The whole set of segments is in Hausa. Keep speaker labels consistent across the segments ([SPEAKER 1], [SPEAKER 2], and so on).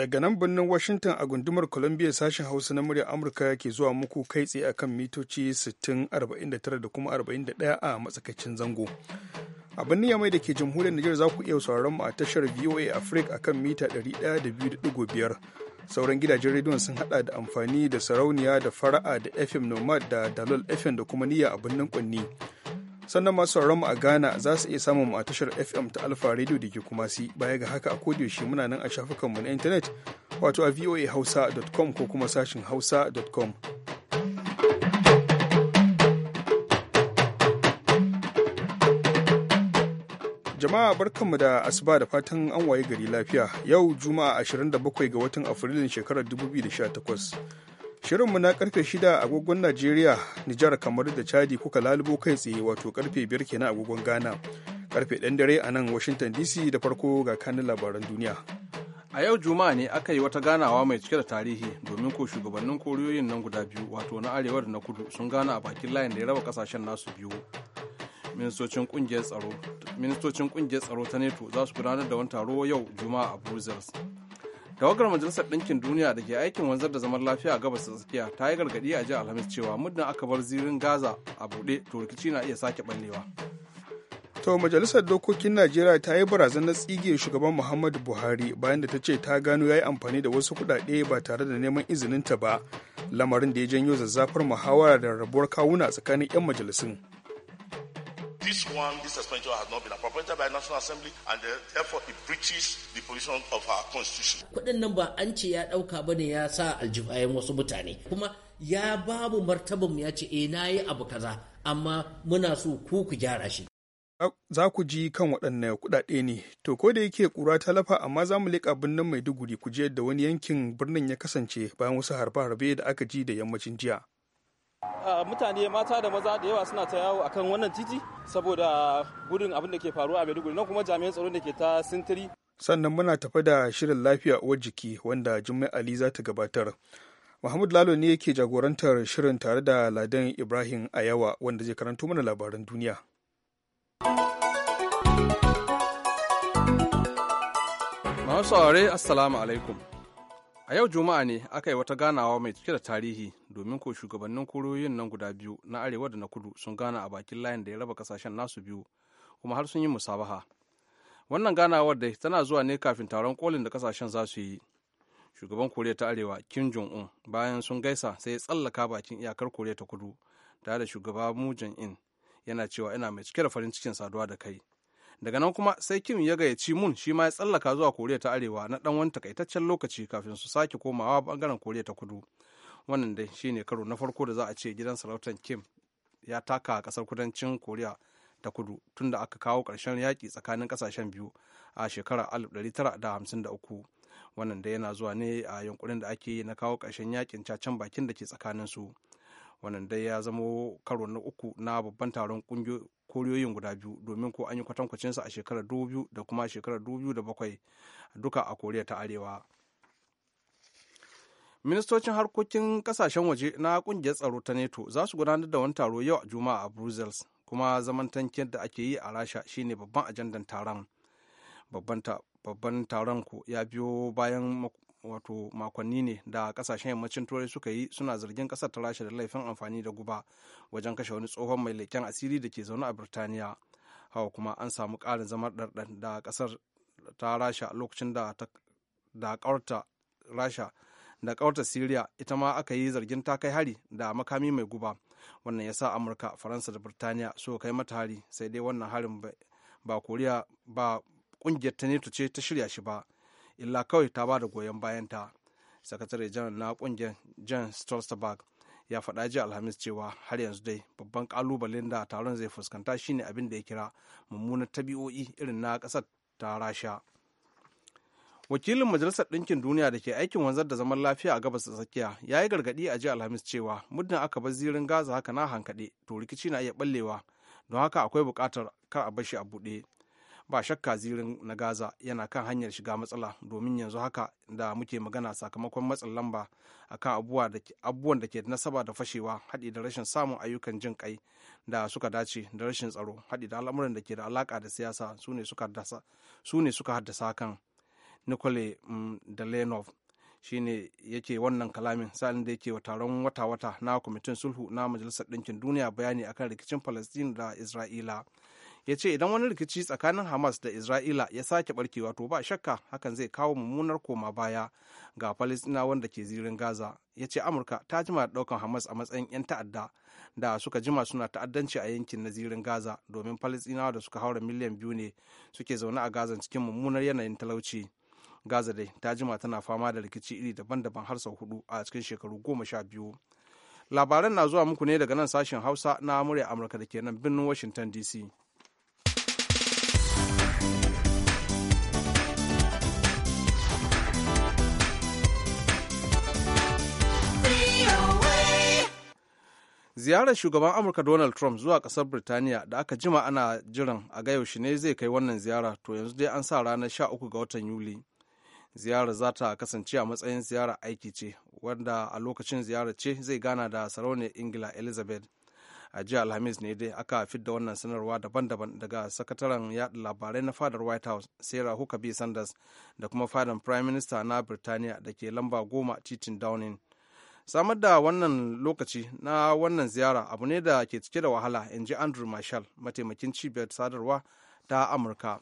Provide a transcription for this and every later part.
[SPEAKER 1] daga nan birnin Washington a gundumar Columbia sashen Hausa na muryar Amurka ke zuwa muku kai tsaye akan mitoci 6049 da kuma 41 a matsakaicin zango. A birnin Yamai da ke jamhuriyar Nijar za ku iya sauraron mu a tashar VOA Africa akan mita 102.5. Sauran gidajen rediyon sun hada da amfani da sarauniya da fara'a da FM Nomad da Dalol FM da kuma niyya a birnin Kwanni. sannan masu mu a ghana za su iya samun mu a tashar fm ta alpha radio da ke kuma si baya ga haka a kodiyoshi muna nan a shafukanmu na intanet wato a voahausa.com ko kuma sashin hausa.com jama'a barkanmu da asuba da fatan an waye gari lafiya yau juma'a 27 ga watan afrilun shekarar 2018 Shirinmu na karfe 6 agogon Najeriya, Nijar kamar da Chadi kuka lalubo kai tsaye wato karfe biyar kenan agogon Ghana. Karfe ɗan dare a nan Washington DC da farko ga kanin labaran duniya.
[SPEAKER 2] A yau Juma'a ne aka yi wata ganawa mai cike da tarihi domin ko shugabannin koriyoyin nan guda biyu wato na arewa da na kudu sun gana a bakin layin da ya raba kasashen nasu biyu. Ministocin kungiyar tsaro ta neto za su gudanar da wani taro yau Juma'a a Brussels. tawagar majalisar ɗinkin duniya da ke aikin wanzar da zaman lafiya a gabas tsakiya ta yi gargaɗi a jihar alhamis cewa muddin aka bar zirin gaza a buɗe to rikici na iya sake ɓallewa
[SPEAKER 1] to majalisar dokokin najeriya ta yi barazanar tsige shugaban muhammadu buhari bayan da ta ce ta gano ya yi amfani da wasu kuɗaɗe ba tare da neman izinin ta ba lamarin da ya janyo zazzafar muhawara da rabuwar kawuna tsakanin 'yan majalisun
[SPEAKER 3] This one, this expenditure has not been appropriated by National Assembly and uh, therefore it breaches the position of our constitution.
[SPEAKER 4] Kuɗin nan ba an ce ya ɗauka ba ne ya sa aljibayen wasu mutane. Kuma ya babu martaban ya ce eh na yi abu kaza amma
[SPEAKER 1] muna so ku ku gyara shi. Za ku ji kan waɗannan kuɗaɗe ne, to ko da yake ƙura ta lafa amma za mu leƙa birnin Maiduguri ku je da wani yankin birnin ya kasance bayan wasu harbe-harbe da aka ji da yammacin jiya.
[SPEAKER 5] mutane mata da maza da yawa suna ta yawo a kan wannan titi saboda gudun abin da ke faruwa a maiduguri nan kuma jami'an tsaron da ke ta sintiri
[SPEAKER 1] sannan muna tafi da shirin lafiya uwar jiki wanda jummai ali za ta gabatar Mahmud Lalo ne yake jagorantar shirin tare da Ladan Ibrahim a yawa, wanda zai karanto mana labaran duniya.
[SPEAKER 3] Masu saurare Assalamu
[SPEAKER 2] alaikum. a yau juma'a ne aka yi wata ganawa mai cike da tarihi domin ko shugabannin kuriyoyin nan guda biyu na arewa da na kudu sun gana a bakin layin da ya raba kasashen nasu biyu kuma har sun yi musabaha wannan ganawar da tana zuwa ne kafin taron kolin da kasashen za su yi shugaban koriya ta arewa kim jong un bayan sun gaisa sai ya tsallaka bakin iyakar koriya ta kudu tare da shugaba mu in yana cewa yana mai cike da farin cikin saduwa da kai daga nan kuma sai kim ya gayyaci mun shi ma ya tsallaka zuwa koriya ta arewa na dan wani takaitaccen lokaci kafin su sake komawa bangaren koriya ta kudu wannan dai shine karo na farko da za a ce gidan sarautar kim ya taka a kasar kudancin koriya ta kudu tunda aka kawo ƙarshen yaƙi tsakanin ƙasashen biyu a shekarar 1953 wannan dai yana zuwa ne a yankunan da ake yi na kawo ƙarshen yaƙin cacen bakin da ke tsakanin su wannan dai ya zamo karo na uku na babban taron koriyoyin guda biyu domin ko an yi kwatankwacinsa a shekarar biyu da kuma shekarar bakwai duka a koriya ta arewa ministocin harkokin kasashen waje na kungiyar tsaro ta neto za su gudanar da wani taro yau a juma'a a brussels kuma zaman tankin da ake yi a rasha shine babban ajandan taron babban taron ku ya biyo bayan wato makonni ne da kasashen yammacin turai suka yi suna zargin kasar ta rasha da laifin amfani da guba wajen kashe wani tsohon mai leken asiri da ke zaune a birtaniya hawa kuma an samu ƙarin zamar ɗarɗar da kasar ta rasha lokacin da da ƙawarta rasha da kawarta syria ita ma aka yi zargin ta kai hari da makami mai guba wannan ya sa amurka faransa da birtaniya suka kai mata hari sai dai wannan harin ba koriya ba ƙungiyar ta ce ta shirya shi ba illa kawai ta ba da goyon bayanta sakatare jan na kungiyar jan stolzberg ya faɗa jiya alhamis cewa har yanzu dai babban kalubalen da taron zai fuskanta shine abin da ya kira mummunar tabi'o'i irin na ƙasar ta rasha wakilin majalisar ɗinkin duniya da ke aikin wanzar da zaman lafiya a gabas da tsakiya ya yi gargaɗi a jiya alhamis cewa muddin aka bar zirin gaza haka na hankaɗe to rikici na iya ɓallewa don haka akwai buƙatar kar a bashi a buɗe ba shakka zirin na gaza yana kan hanyar shiga matsala domin yanzu haka da muke magana sakamakon matsin lamba akan abubuwan da ke nasaba da fashewa haɗi da rashin samun ayyukan jin kai da suka dace da rashin tsaro haɗi da al'amuran da ke da alaƙa da siyasa su ne suka haddasa kan nicole mm, shi ne yake wannan kalamin sa'in da yake wa taron wata-wata na kwamitin sulhu na majalisar ɗinkin duniya bayani akan rikicin palestine da isra'ila ya ce idan wani rikici tsakanin hamas da isra'ila ya sake barkewa to ba shakka hakan zai kawo mummunar koma baya ga falisina wanda ke zirin gaza ya ce amurka ta jima da daukan hamas a matsayin 'yan ta'adda da suka jima suna ta'addanci a yankin na zirin gaza domin falistinawa da suka haura miliyan biyu ne suke zaune a gaza cikin mummunar yanayin talauci gaza dai ta jima tana fama da rikici iri daban-daban har sau hudu a cikin shekaru goma sha biyu labaran na zuwa muku ne daga nan sashen hausa na murya amurka da ke nan birnin washington dc ziyarar shugaban amurka donald trump zuwa kasar birtaniya da aka jima ana jiran a ga yaushe ne zai kai wannan ziyara to yanzu dai an sa ranar 13 ga watan yuli ziyarar za ta kasance a matsayin ziyara aiki ce wanda a lokacin ziyarar ce zai gana da sarauniyar ingila elizabeth a jiya alhamis ne dai aka fidda wannan sanarwa daban-daban daga sakataren yada labarai na fadar white house sarah huckabee sanders da kuma fadar prime minister na birtaniya da ke lamba goma titin downing samar da wannan lokaci na wannan ziyara abu ne da ke cike da wahala in ji andrew marshall mataimakin cibiyar sadarwa ta amurka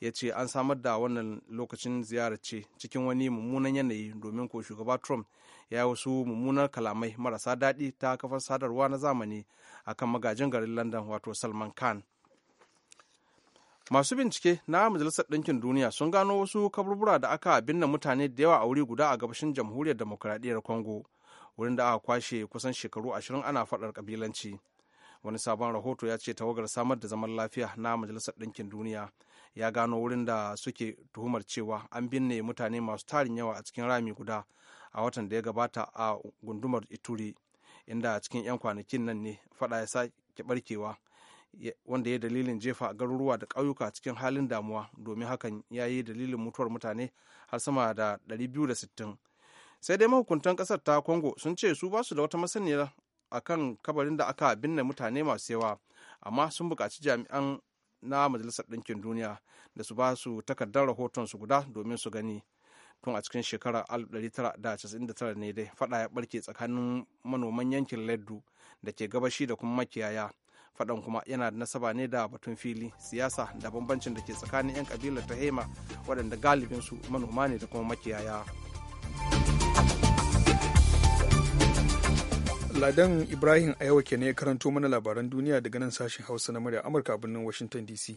[SPEAKER 2] ya ce an samar da wannan lokacin ziyara ce cikin wani mummunan yanayi domin ko shugaba trump ya yi wasu mummunar kalamai marasa daɗi ta kafar sadarwa na zamani a kan magajin garin london wato salman khan masu bincike na majalisar ɗinkin duniya sun gano wasu kaburbura da aka binne mutane da yawa a wuri guda a gabashin jamhuriyar demokuraɗiyyar congo wurin da aka kwashe kusan shekaru ashirin ana faɗar kabilanci wani sabon rahoto ya ce tawagar samar da zaman lafiya na majalisar ɗinkin duniya ya gano wurin da suke tuhumar cewa an binne mutane masu tarin yawa a cikin rami guda a watan da ya gabata a gundumar ituri inda cikin 'yan kwanakin nan ne fada ya sake barkewa wanda ya dalilin jefa garuruwa da ƙauyuka cikin halin damuwa domin hakan ya yi dalilin mutuwar mutane har sama da 260 sai dai mahukuntan kasar ta congo sun ce su basu da wata masaniyar akan kabarin da aka binne mutane masu yawa amma sun buƙaci jami'an na majalisar ɗinkin duniya da su basu takardar rahoton su guda domin su gani tun a cikin shekarar 1999 ne dai fada ya barke tsakanin manoman yankin leddu da ke gabashi da kuma makiyaya faɗan kuma yana da nasaba ne da batun fili siyasa da bambancin da ke tsakanin 'yan kabilar ta hema waɗanda galibinsu manoma ne da kuma makiyaya.
[SPEAKER 1] Ladan Ibrahim a yau ke ne ya karanto mana labaran duniya daga nan sashen Hausa na murya Amurka birnin Washington DC.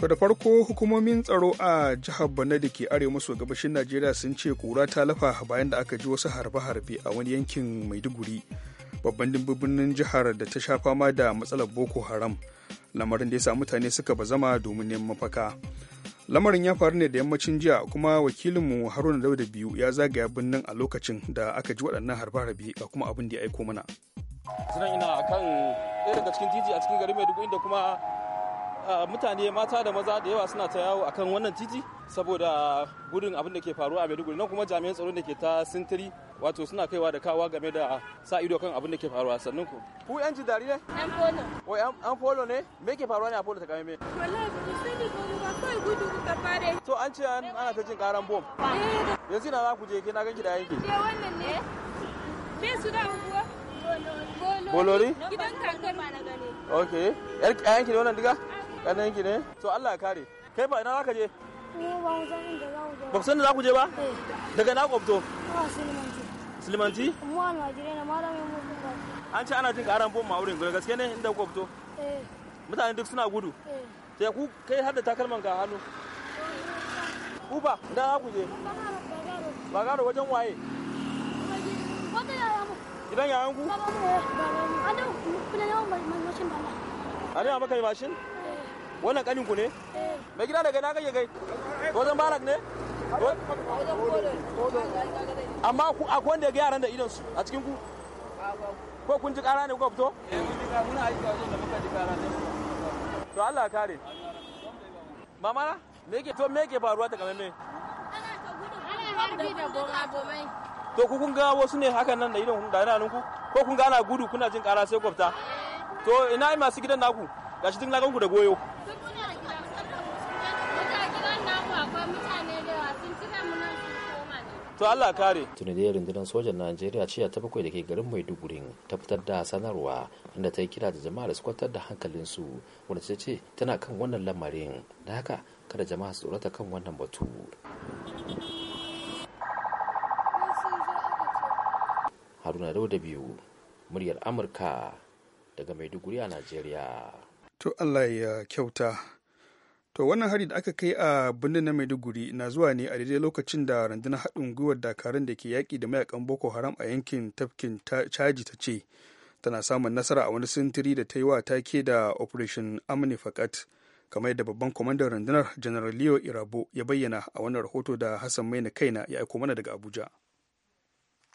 [SPEAKER 1] To da farko hukumomin tsaro a jihar Borno da ke arewa maso gabashin Najeriya sun ce kura ta lafa bayan da aka ji wasu harbe-harbe a wani yankin Maiduguri, babban dimbibinin jihar da ta sha fama da matsalar Boko Haram, lamarin da ya sa mutane suka bazama domin neman mafaka. lamarin ya faru ne da yammacin jiya kuma wakilinmu haruna dauda biyu ya zagaya birnin a lokacin da aka ji waɗannan harbe-harbe ga kuma abin da ya aiko mana
[SPEAKER 5] sunan ina kan ɗaya daga cikin titi a cikin gari maiduguri da kuma mutane mata da maza da yawa suna ta yawo a kan wannan titi saboda gudun abin da ke faruwa a maiduguri nan kuma jami'an tsaron da ke ta sintiri wato suna kaiwa da kawa game da sa ido kan abin da ke faruwa sannan ku ku yan jidari ne an polo an ne me ke faruwa ne a polo ta kame me kawai gudu kuka fare. To an ce ana ta jin karan bom. Eh. Yanzu na za ku je ke na ganki da yanki. Je
[SPEAKER 1] wannan ne. Me suna unguwa? Bolori? Gidan kakan ma na gane.
[SPEAKER 5] Okay. Yar yanki ne wannan diga? Yan yanki ne? To Allah ya kare. Kai ba ina za ka je? Ba ku san da za ku je ba? Eh. Daga na kwabto? Silimanti. Silimanti? Mu a Najeriya na malamin mu An ce ana jin karan bom ma wurin gaske ne inda kwabto? Eh. Mutane duk suna gudu? Eh. ya ku kai har da takalman ka hannu uba da za ku je ba garo wajen waye wata yaya mu idan yayan ku an da kuna yawan mashin bala an da ba mashin wannan kanin ku ne mai gida daga na kai kai wajen barak ne amma ku a wanda ya ga yaran da idan su a cikin ku ko kun ji kara ne kuka fito eh kun ji kara muna aiki a wajen da muka ji kara ne to Allah kare mama na me yake to me yake faruwa ta kamar me to ku kun ga wasu ne hakan nan da idan da nan ku ko kun ga ana gudu kuna jin kara sai kwafta to ina masu gidan naku gashi tun na ku da goyo to Allah kare tuni da rundunar sojan Najeriya ciya ta bakwai da ke garin Maiduguri ta fitar da sanarwa inda ta yi kira da jama'a da su kwantar da hankalinsu wanda ta ce tana kan wannan lamarin da haka kada jama'a su tsorata kan wannan batu Haruna Dauda biyu muryar Amurka daga Maiduguri a
[SPEAKER 1] Najeriya. To Allah ya kyauta. To wannan hari da aka kai a birnin na Maiduguri na zuwa ne a daidai lokacin da rundunar haɗin gwiwar dakarun da ke yaƙi da mayakan Boko Haram a yankin tafkin caji ta ce tana samun nasara a wani sintiri da ta yi wa take da Operation Amni Fakat kamar yadda babban kwamandan rundunar General Leo Irabo ya bayyana a wannan rahoto da Hassan Maina kaina ya aiko mana daga Abuja.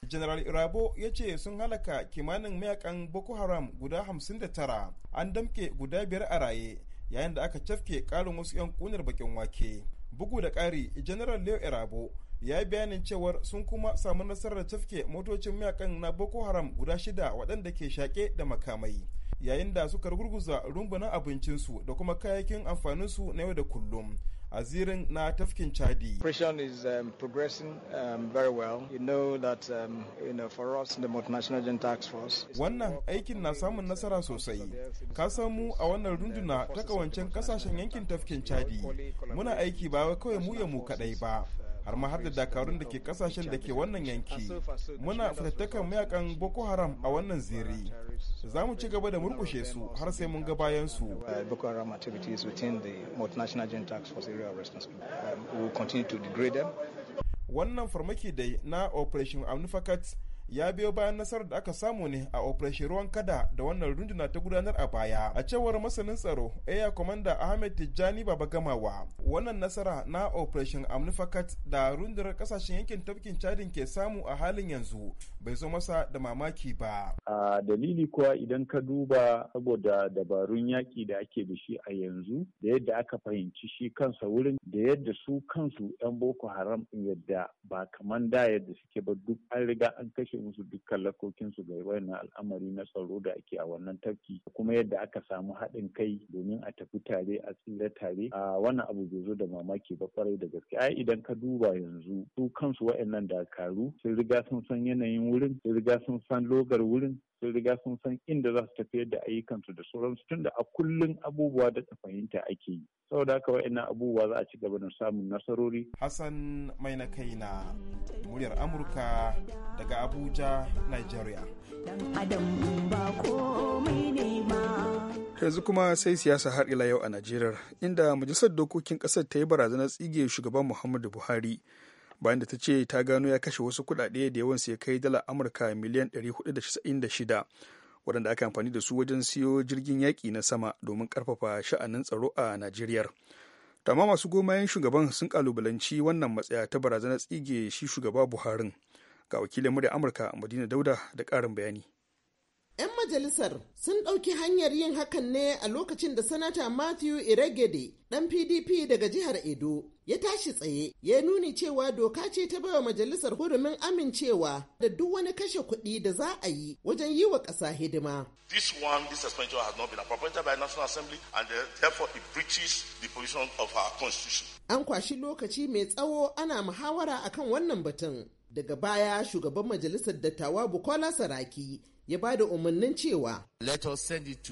[SPEAKER 6] General Irabo ya ce sun halaka kimanin mayakan Boko Haram guda 59 an damke guda biyar a raye yayin da aka cafke ƙarin wasu 'yan kunar bakin wake bugu da kari general leo erabo ya yi bayanin cewar sun kuma samu nasarar cafke motocin mayakan na boko haram guda shida waɗanda ke shaƙe da makamai yayin da suka rugurguza rumbunan abincinsu da kuma kayayyakin amfaninsu na yau da kullum a zirin na tafkin chadi operation is um, progressing um, very well you know that um, you know for us the multinational joint tax force wannan aikin na samun nasara sosai ka san mu a wannan runduna ta kawancen kasashen yankin tafkin chadi muna aiki ba kawai mu ya mu kadai ba har ma har da dakarun da ke kasashen da ke wannan yanki muna fitattakan mayakan boko haram a wannan ziri za mu ci gaba da murkushe su har sai mun ga bayan su uh,
[SPEAKER 1] uh,
[SPEAKER 6] wannan farmaki dai na operation amnifacat ya biyo bayan nasarar da aka samu ne a operation ruwan kada da wannan runduna ta gudanar a baya a cewar masanin tsaro air commander ahmed tijjani baba gamawa wannan nasara na operation amnifakat da rundunar kasashen yankin tafkin chadin ke samu a halin yanzu bai zo masa da mamaki ba
[SPEAKER 1] a dalili kuwa idan ka duba saboda dabarun yaki da ake da shi a yanzu da yadda aka fahimci shi kansa wurin da yadda su kansu yan boko haram yadda ba kaman da yadda suke ba duk an riga
[SPEAKER 5] an kashe ce musu dukkan lakokin su ga wani al'amari na tsaro da ake a wannan tafki kuma yadda aka samu haɗin kai domin a tafi tare a tsira tare a wannan abu bai zo da mamaki ba
[SPEAKER 1] kwarai da gaske ai idan ka duba yanzu su kansu waɗannan dakaru sun riga sun san yanayin wurin sun riga sun san logar wurin sun riga sun san inda za su tafiyar da ayyukansu da sauransu tun da a kullum abubuwa da fahimta ake yi saboda haka wa'annan abubuwa za a ci gaba da
[SPEAKER 6] samun nasarori hassan mai na kai na muryar amurka daga abuja nigeria
[SPEAKER 1] yanzu kuma sai siyasa har ila yau a najeriya inda majalisar dokokin kasar ta yi barazanar tsige shugaban muhammadu buhari bayan da ta ce ta gano ya kashe wasu kuɗaɗe da yawan ya kai dala amurka miliyan 496 waɗanda aka amfani da su wajen siyo jirgin yaƙi na sama domin ƙarfafa sha'anin tsaro a najeriya tama masu gomayen shugaban sun kalubalanci wannan matsaya ta barazanar tsige shi shugaba buharin ga wakilin murya amurka madina dauda da ƙarin bayani
[SPEAKER 4] majalisar sun ɗauki hanyar yin hakan ne a lokacin da sanata Matthew Iregede ɗan PDP daga jihar Edo ya tashi tsaye ya nuni cewa doka ce ta baiwa majalisar hurumin amincewa da duk wani kashe kuɗi da za a yi wajen yi wa ƙasa hidima.
[SPEAKER 3] This one, this suspension has not been appropriated by National Assembly and uh, therefore it breaches the position of our constitution.
[SPEAKER 4] An kwashi lokaci mai tsawo ana muhawara akan wannan batun. Daga baya shugaban majalisar dattawa Bukola Saraki ya ba da umarnin cewa Let us send it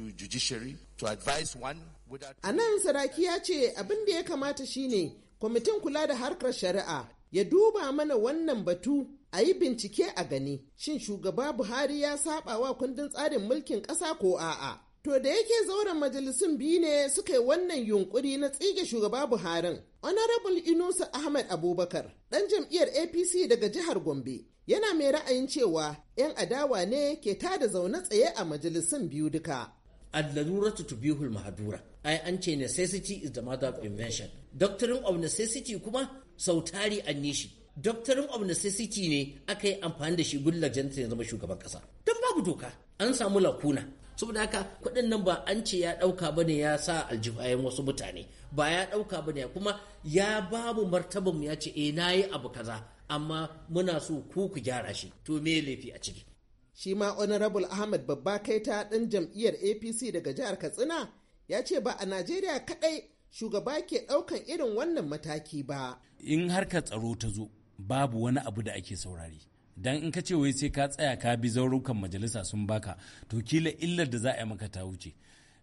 [SPEAKER 4] A nan Saraki ya ce abin da ya kamata shine kwamitin kula da harkar shari'a ya duba mana wannan batu a yi bincike a gani shin shugaba Buhari ya saba wa kundin tsarin mulkin ƙasa ko a'a. To da yake zauren majalisun biyu ne suka yi wannan yunkuri na tsige shugaba Buharin. Honorable Inusa Ahmed Abubakar, ɗan jam'iyyar APC daga jihar Gombe, yana mai ra'ayin cewa 'yan adawa ne ke tada zaune tsaye a majalisun biyu duka. al to tubihul mahadura. Ai an ce necessity is the mother of invention. Doctrine of necessity kuma sautari an yi shi. Doctrine of necessity ne aka yi amfani da shi gulla jantar ya zama shugaban kasa. Don babu doka an samu lakuna. saboda haka kuɗin nan ba an ce ya ɗauka ba ne ya sa aljihayen wasu mutane ba ya ɗauka ba ne kuma ya babu martabanmu ya ce eh na yi abu kaza amma muna so ku ku gyara shi to me laifi a ciki shi ma honorable ahmad babba kaita dan jam'iyyar apc daga jihar katsina ya ce ba a najeriya kaɗai shugaba ke ɗaukan irin wannan mataki ba
[SPEAKER 5] in harkar tsaro ta zo babu wani abu da ake saurari dan in ka ce wai sai ka tsaya ka bi zaurukan majalisa sun baka to kila illar da za a yi maka ta wuce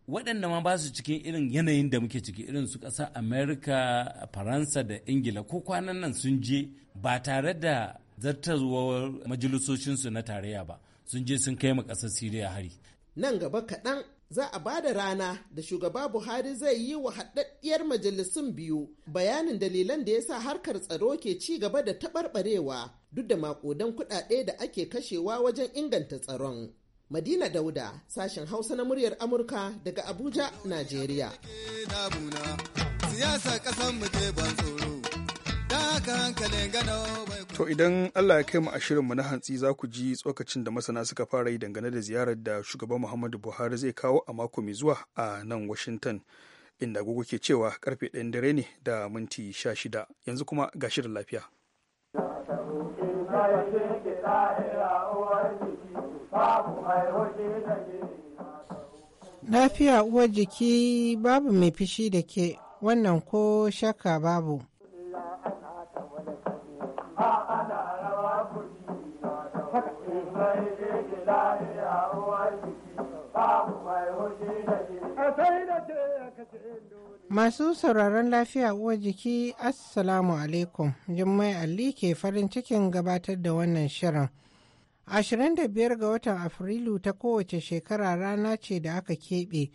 [SPEAKER 5] waɗanda ma ba su cikin irin yanayin da muke ciki irin su ƙasa amerika faransa da ingila ko kwanan nan sun je ba tare da zartarwar majalisocinsu na tarayya ba sun je sun kai ma ƙasar siriya hari
[SPEAKER 4] nan gaba kaɗan za a ba da rana da shugaba buhari zai yi wa haɗaɗɗiyar majalisun biyu bayanin dalilan da ya sa harkar tsaro ke ci gaba da taɓarɓarewa duk da maƙudan kuɗaɗe da ake kashewa wajen inganta tsaron Madina Dauda, sashen Hausa na muryar Amurka daga Abuja, Najeriya.
[SPEAKER 1] To idan Allah ya kai mu a mu na hantsi za ku ji tsokacin da masana suka fara yi dangane da ziyarar da shugaban Muhammadu Buhari zai kawo a mako mai zuwa a nan Washington. Inda gugu ke cewa karfe ɗayan dare ne da minti sha shida yanzu kuma ga shirin lafiya.
[SPEAKER 7] Lafiya uwar jiki babu mai fishi da ke wannan ko shaka babu. Masu sauraron lafiya uwar jiki Assalamu alaikum, Jummai Ali ke farin cikin gabatar da wannan shirin. 25 ga watan Afrilu ta kowace shekara rana ce da aka keɓe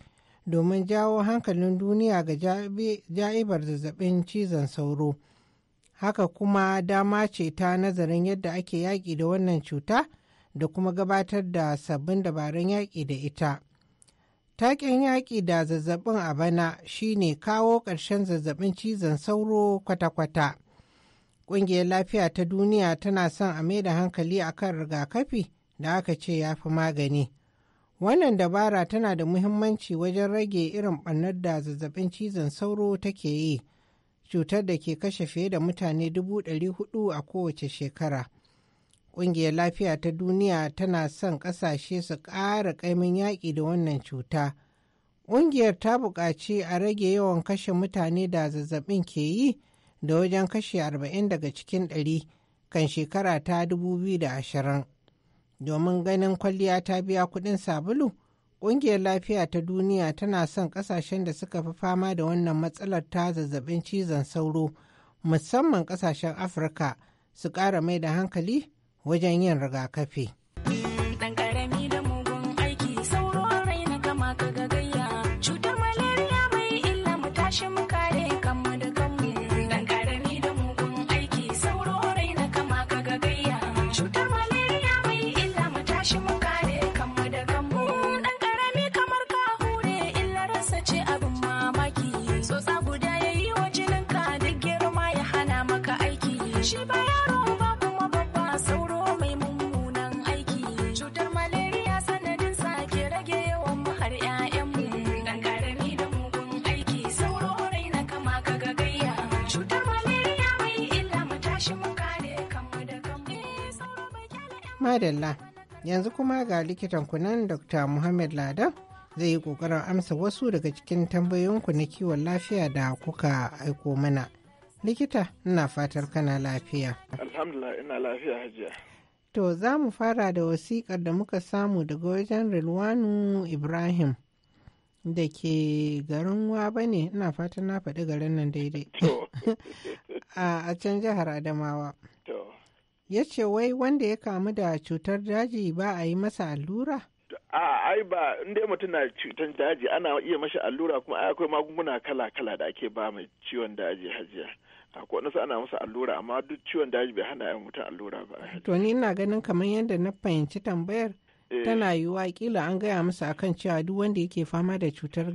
[SPEAKER 7] domin jawo hankalin duniya ga ja'ibar zazzabin cizon sauro. Haka kuma dama ce ta nazarin yadda ake yaƙi da wannan cuta da kuma gabatar da sabbin dabarun yaƙi da ita. taƙin yaƙi da zazzabin a bana shine kawo ƙarshen zazzabin cizon sauro kwata-kwata. Ƙungiyar Lafiya ta Duniya tana son a maida da hankali a kan rigakafi da aka ce ya fi magani. Wannan dabara tana da muhimmanci wajen rage irin ɓannar da zazzabin cizon sauro take yi, cutar da ke kashe fiye da mutane dubu ɗari hudu a kowace shekara. Ƙungiyar Lafiya ta Duniya tana son ƙasashe su ƙara ƙaimin yaƙi da wannan cuta. Ƙungiyar ta buƙaci a rage yawan kashe mutane da zazzabin ke yi da wajen kashi 40 daga cikin 100 kan shekara ta 2020. Domin ganin kwalliya ta biya kuɗin sabulu, ƙungiyar lafiya ta duniya tana son ƙasashen da suka fi fama da wannan matsalar ta zazzabin cizon sauro, musamman ƙasashen Afirka su ƙara mai da hankali wajen yin rigakafi. madalla yanzu kuma ga likitan kunan dr muhammad ladan zai yi kokarin amsa wasu daga cikin tambayoyinku na kiwon lafiya da kuka aiko mana likita ina fatar kana lafiya
[SPEAKER 3] alhamdulillah ina lafiya hajiya
[SPEAKER 7] to za mu fara da wasikar da muka samu daga wajen rilwanu ibrahim da ke garin waba ne ina fatan na faɗi garin nan daidai a can jihar adamawa ya ce wai wanda ya kamu da cutar daji ba a yi masa allura?
[SPEAKER 3] a ai ba inda mutum na cutar daji ana iya mashi allura kuma akwai magunguna kala-kala da ake ba mai ciwon daji hajiya akwai wani ana masa allura amma duk ciwon daji bai hana mutum allura
[SPEAKER 7] ba to ni ina ganin kamar yadda na fahimci tambayar tana eh. yiwuwa kila an gaya masa akan cewa duk wanda yake fama da cutar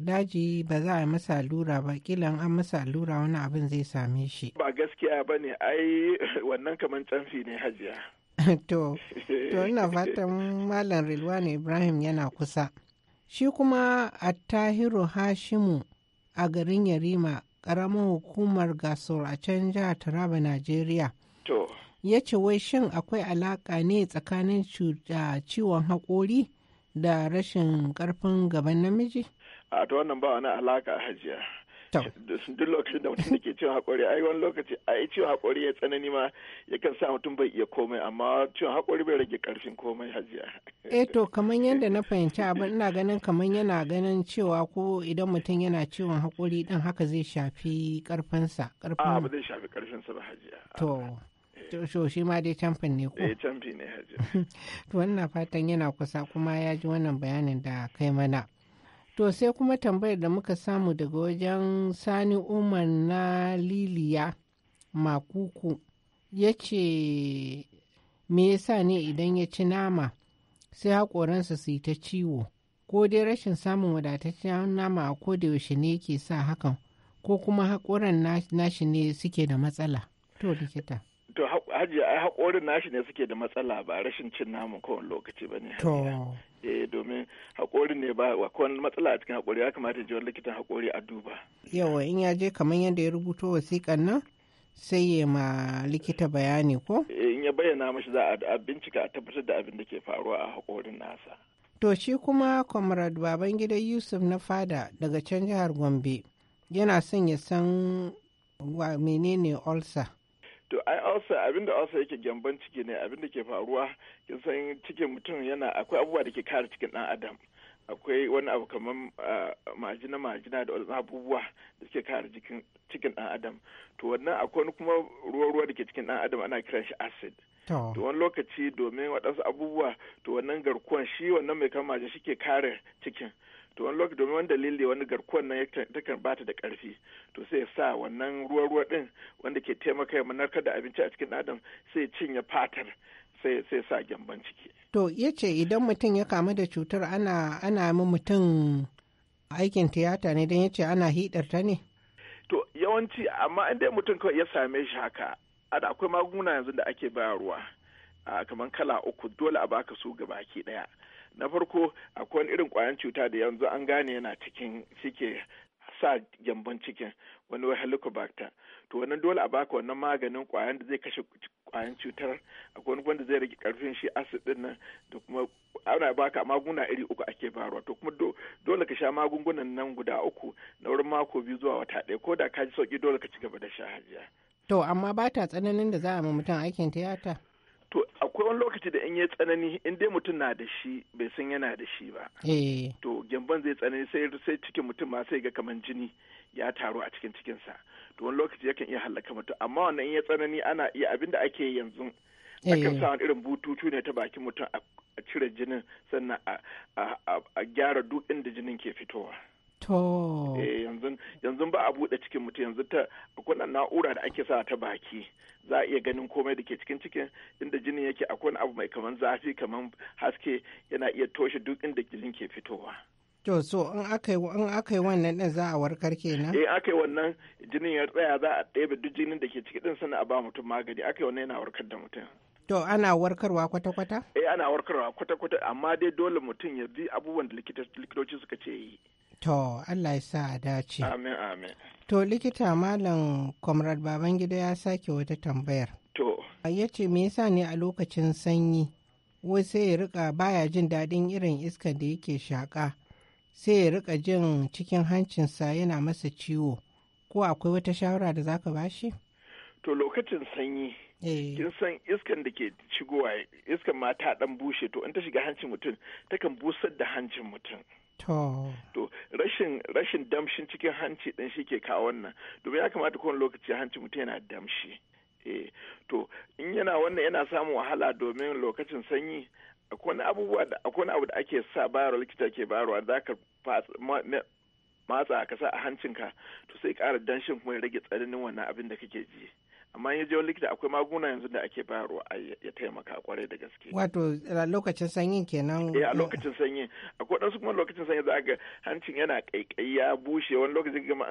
[SPEAKER 7] daji ba za a masa allura ba kila an masa allura wani abin zai same shi
[SPEAKER 3] ba gaskiya ba ne ai wannan kamar canfi ne hajiya to to ina
[SPEAKER 7] fatan malam rilwan ibrahim yana kusa shi kuma a attahiru hashimu a garin yarima karamin hukumar gasor a can jihar taraba najeriya ya ce wai shin akwai alaƙa ne tsakanin ciwon haƙori da rashin ƙarfin gaban namiji?
[SPEAKER 3] A ta wannan ba wani alaƙa hajiya. duk lokacin da mutum ke ciwon haƙori ai wani lokaci a yi ciwon haƙori ya tsanani ma yakan sa mutum bai iya komai amma ciwon haƙori bai rage ƙarfin komai hajiya
[SPEAKER 7] eh to kamar yadda na fahimci abin ina ganin kamar yana ganin cewa ko idan mutum yana ciwon haƙori din haka zai shafi ƙarfinsa ƙarfin ba
[SPEAKER 3] zai shafi ƙarfinsa ba hajiya
[SPEAKER 7] to To shi ma dai camfin ne ko? Eh camfi ne To wannan fatan yana kusa kuma ya ji wannan bayanin da kai mana. To sai kuma tambayar da muka samu daga wajen Sani Umar na Liliya Makuku ya ce me yasa ne idan ya ci nama sai haƙoransa su yi ta ciwo ko dai rashin samun wadataccen nama a yaushe ne yake sa hakan ko kuma haƙoran nashi ne suke da matsala. To likita.
[SPEAKER 3] To hajji ai haƙorin nashi ne suke da matsala ba rashin cin naman kowane lokaci ba ne. Eh domin hakorin ne ba kowane matsala a cikin haƙori ya kamata ji wani likitan haƙori a duba.
[SPEAKER 7] Yawa in ya je kamar yadda ya rubuto wasiƙan nan sai ya ma likita bayani ko?
[SPEAKER 3] Eh, in ya bayyana mashi za a bincika a tabbatar da abin da ke faruwa a hakorin nasa.
[SPEAKER 7] To shi kuma Comrade gidan Yusuf na fada daga can jihar Gombe yana son ya san menene ulcer.
[SPEAKER 3] to ai abin da also yake gyamban ciki ne abin da ke faruwa kin san cikin mutum yana akwai abubuwa da ke kare cikin dan adam akwai wani abu kamar ah, majina majina da wani abubuwa da suke kare cikin dan adam to wannan akwai wani kuma ruwa ruwa da ke cikin dan adam ana kiran shi acid to wani lokaci domin waɗansu abubuwa to wannan garkuwan shi wannan mai kama majin shi ke kare cikin to wani lokaci domin wani dalili wani garkuwan nan takan bata da karfi to sai sa wannan ruwa ruwa din wanda ke taimaka ya narkar da abinci a cikin adam sai cinye fatar sai sai sa gyamban ciki
[SPEAKER 7] to ya ce idan mutum ya kamu da cutar ana ana mu mutum aikin tiyata ne don ya ce ana hidar ne
[SPEAKER 3] to yawanci amma in da mutum kawai ya same shi haka ada akwai magunguna yanzu da ake bayarwa kamar kala uku dole a baka su baki daya na farko akwai irin kwayan cuta da yanzu an gane yana cikin cike sa gyambon cikin wani wani helicobacter to wannan dole a baka wannan maganin kwayan da zai kashe kwayan cutar akwai wanda zai rage karfin shi acid din nan da kuma ana baka magunguna iri uku ake bayarwa to kuma dole ka sha magungunan nan guda uku na wurin mako biyu zuwa wata ɗaya ko da ka ji sauki dole ka ci gaba da sha hajiya
[SPEAKER 7] to amma ba ta tsananin da za a ma mutum aikin tiyata
[SPEAKER 3] to akwai wani lokaci da in ya tsanani in dai mutum na da shi bai san yana da shi ba eh. to gyamban zai tsanani sai sai cikin mutum ma sai ga kamar jini ya taru a cikin cikinsa to wani lokaci yakan iya halaka mutum amma wannan in ya tsanani ana iya abin da ake yanzu akan eh. sa wani irin bututu ne ta bakin mutum a cire jinin sannan a gyara duk inda jinin ke fitowa
[SPEAKER 7] To. Eh,
[SPEAKER 3] yanzu ba a buɗe cikin mutum yanzu ta akwai na'ura da ake sa ta baki za a iya ganin komai da ke cikin cikin inda jinin yake akwai wani abu mai kaman zafi kaman haske yana iya toshe duk inda jinin ke fitowa.
[SPEAKER 7] To so in aka yi wannan din za a warkar kenan? Eh aka
[SPEAKER 3] yi wannan jinin ya tsaya za a ɗebe duk jinin da ke ciki din sannan a ba mutum magani aka yi wannan yana warkar da mutum.
[SPEAKER 7] To ana warkarwa kwata-kwata?
[SPEAKER 3] Eh ana warkarwa kwata-kwata amma dai dole mutum ya bi abubuwan da likitoci suka ce yi.
[SPEAKER 7] To, Allah ya sa a dace. Amin, amin. To, likita Malam Comrade Babangida ya sake wata tambayar. To. Ya ce, me yasa ne a lokacin sanyi, wai sai ya rika baya jin daɗin irin iskar da yake shaƙa, sai ya rika jin cikin hancinsa yana masa ciwo. Ko akwai wata shawara da zaka bashi?
[SPEAKER 3] To, lokacin sanyi, eh. kin san iskan da ke shigowa iskan ma ta dan bushe to in ta shiga hancin mutum takan busar da hancin mutum To rashin rashin damshin cikin hanci ɗin shi ke kawo wannan domin ya kamata kowane lokaci hanci mutum yana damshi. Eh, to in yana wannan yana samun wahala domin lokacin sanyi akwai abubuwa da akwai abu da ake sa bayarwa likita ke bayarwa za ka matsa ka sa a hancinka to sai ƙara danshin kuma ya rage tsananin wannan abin da kake ji. amma ya je likita akwai magunguna yanzu da ake bayarwa ya taimaka kwarai da gaske
[SPEAKER 7] wato lokacin sanyin kenan eh a lokacin
[SPEAKER 3] sanyi akwai ɗansu kuma lokacin sanyi za ga hancin yana ƙaiƙayi ya bushe wani lokacin gama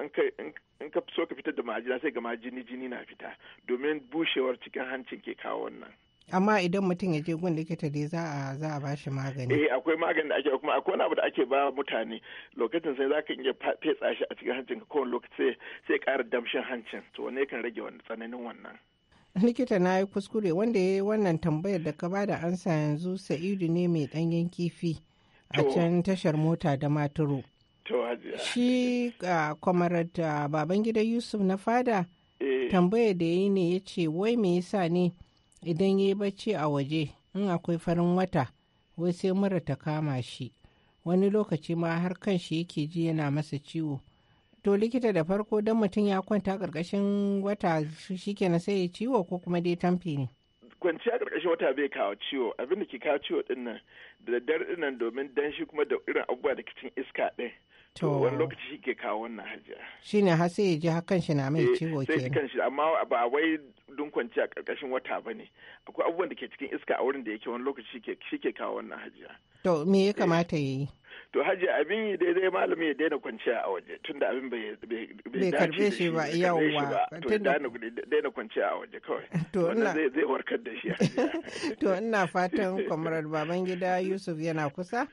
[SPEAKER 3] in ka so ka fitar da majina sai gama jini jini na fita domin bushewar cikin hancin ke kawo wannan
[SPEAKER 7] amma idan mutum ya je gun likita dai za a za a bashi magani eh
[SPEAKER 3] akwai magani da ake kuma akwai wani abu da ake ba mutane lokacin sai zaka iya fetsa shi a cikin hancin ka kowane lokaci sai ƙara damshin hancin to wanne kan rage wannan tsananin wannan
[SPEAKER 7] likita na yi kuskure wanda ya yi wannan tambayar da ka bada ansa yanzu sa'idu ne mai danyen kifi a can tashar mota da maturu shi a kwamarar baban gidan yusuf na fada
[SPEAKER 4] eh. tambayar
[SPEAKER 7] da ya yi ne ya ce wai me yasa ne idan ya yi bacci a waje in akwai farin wata wai sai mura ta kama shi wani lokaci ma har kan shi yake ji yana masa ciwo to likita da farko don mutum ya kwanta ƙarƙashin wata shi na sai ya ciwo ko kuma dai tamfi ne
[SPEAKER 3] Kwanci a ƙarƙashin wata bai kawo ciwo abin ke kawo ciwo dinnan da daddare dinnan nan domin danshi kuma da irin abubuwa da cikin iska ɗin
[SPEAKER 7] to wani lokaci
[SPEAKER 3] shi ke kawo wannan hajiya
[SPEAKER 7] shi ne har sai ya ji hakan shi na mai eh, ciwo ke sai kan
[SPEAKER 3] shi amma ba wai dun kwanci a karkashin wata ba ne akwai abubuwan da ke cikin iska a wurin da yake wani lokaci shi ke kawo
[SPEAKER 7] wannan hajiya to me ya eh. kamata ya yi
[SPEAKER 3] to hajiya abin yi daidai malami ya daina kwanciya a waje tunda abin bai karbe shi ba yawwa to daina kwanciya a waje kawai to ina zai warkar da shi
[SPEAKER 7] to ina fatan kwamarar baban gida yusuf yana kusa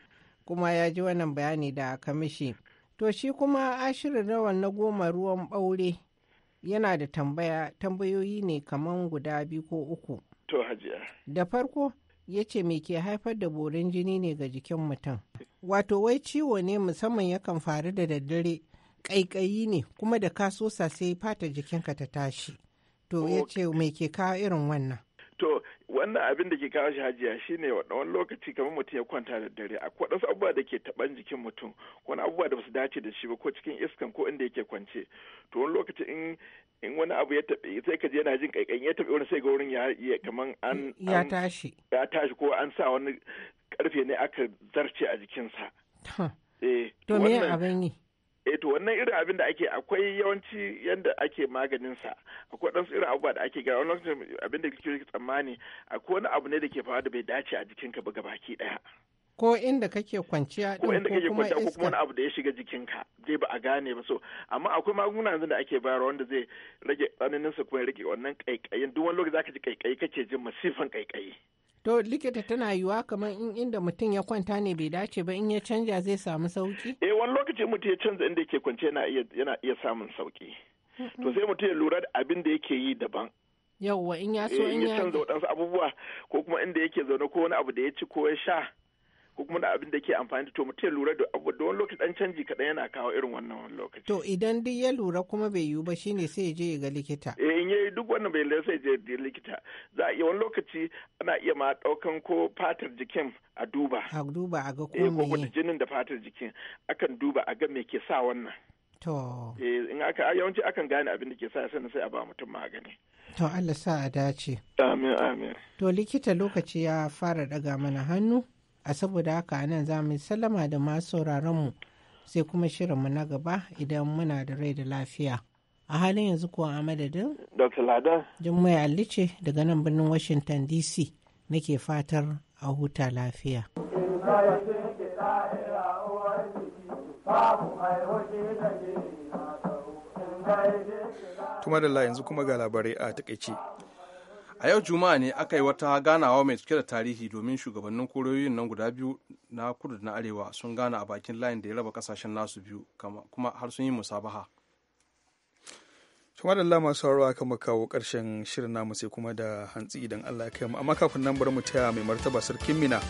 [SPEAKER 7] kuma ya ji wannan bayani da kamishi To shi kuma ashirin rawan na goma ruwan ɓaure yana da tambaya tambayoyi ne kaman guda biyu ko uku. To hajiya. Da farko ya ce me ke haifar da borin jini ne ga jikin mutum. Wato wai ciwo ne musamman yakan faru da daddare ƙaiƙayi ne kuma da ka sosa sai fata jikinka ta tashi. To ya ce me ke kawo irin wannan.
[SPEAKER 3] To wannan abin da ke kawo shi hajiya shine wani lokaci kamar mutum ya kwanta da dare akwai wasu abubuwa da ke taban jikin mutum wani abubuwa da basu dace da shi ba ko cikin iskan ko inda yake kwance to wani lokaci in in wani abu ya tabe sai ka je yana jin kaikayin ya tabe wani sai ga wurin ya kaman an
[SPEAKER 7] ya tashi
[SPEAKER 3] ya tashi ko an sa wani karfe ne aka zarce a jikinsa eh to me abin yi eh to wannan irin abin da ake akwai yawanci yadda ake maganin sa akwai dan irin abubuwa da ake ga wani abin da kike tsammani akwai wani abu ne da ke faruwa da bai dace a jikinka ba gabaki daya
[SPEAKER 7] ko inda kake kwanciya ko inda kake kwanciya ko kuma wani
[SPEAKER 3] abu da ya shiga jikinka zai ba a gane ba so amma akwai magunguna yanzu da ake bayarwa wanda zai rage tsananin sa kuma ya rage wannan kaikayin duk wani lokaci zaka ji kaikayi kake jin masifan kaikayi
[SPEAKER 7] To likita tana yiwuwa kamar in inda mutum ya kwanta ne bai dace ba in ya canja zai samu sauki?
[SPEAKER 3] Eh wani lokaci mutum ya canza inda yake kwance yana iya samun sauki. To sai mutum ya lura da abin da yake yi daban.
[SPEAKER 7] Yauwa in ya so eh, in ya canza
[SPEAKER 3] waɗansu abubuwa ko kuma inda yake zaune ko wani abu da ya ci ko ya sha. ko kuma da abin da ke amfani da to mutum ya lura da abu da wani lokaci dan canji kaɗan yana
[SPEAKER 7] kawo irin wannan wani lokaci. To idan duk ya lura kuma bai yiwu ba shine sai ya je ya ga likita.
[SPEAKER 3] Eh in yayi duk wannan bai lura sai ya je likita. Za a iya wani lokaci ana iya ma ɗaukan ko fatar jikin a duba. A
[SPEAKER 7] duba a ga ko me. Eh, ko
[SPEAKER 3] jinin da fatar jikin akan duba a ga me ke sa wannan. To. Eh in aka yawanci akan gane abin da ke sa sannan sai a ba mutum magani.
[SPEAKER 7] To Allah sa a dace.
[SPEAKER 3] Amin amin.
[SPEAKER 7] To likita lokaci ya fara daga mana hannu. a saboda haka nan za mu sallama da masu sauraronmu sai kuma shirinmu na gaba idan muna da rai da lafiya a halin yanzu kuwa a madadin dr ladan jummai alice daga nan birnin washington dc nake fatar a huta lafiya
[SPEAKER 1] tuma da yanzu kuma ga labarai
[SPEAKER 2] a takaice a yau juma'a ne aka yi wata ganawa mai cike da tarihi domin shugabannin koriyoyin nan guda biyu na kudu na arewa sun gana a bakin layin da ya raba kasashen nasu biyu kuma har sun yi musabaha
[SPEAKER 1] kuma da lama sauraro aka maka kawo karshen shirin namu sai kuma da hantsi idan Allah ya kai mu amma kafin nan bari mu taya mai martaba sarkin Mina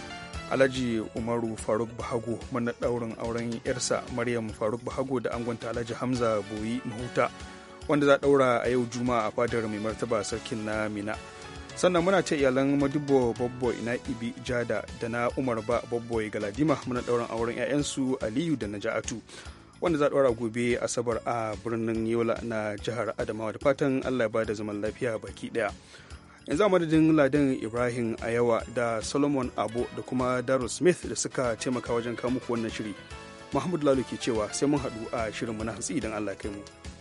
[SPEAKER 1] Alhaji Umaru Faruk Bahago mana daurin auren yarsa Maryam Faruk Bahago da angonta Alhaji Hamza Boyi Mahuta wanda za daura a yau Juma'a a fadar mai martaba sarkin na Mina sannan muna ce iyalan madubo babbo ina ibi jada da na umar ba babbo galadima muna dauran auren 'ya'yansu aliyu da naja'atu wanda za a gobe asabar a birnin yola na jihar adamawa da fatan allah ba da zaman lafiya baki daya yanzu a madadin ladin ibrahim ayawa da solomon abo da kuma daryl smith da suka taimaka wajen kawo muku wannan shiri muhammadu lalu ke cewa sai mun haɗu a shirin mu na hatsi idan allah kai mu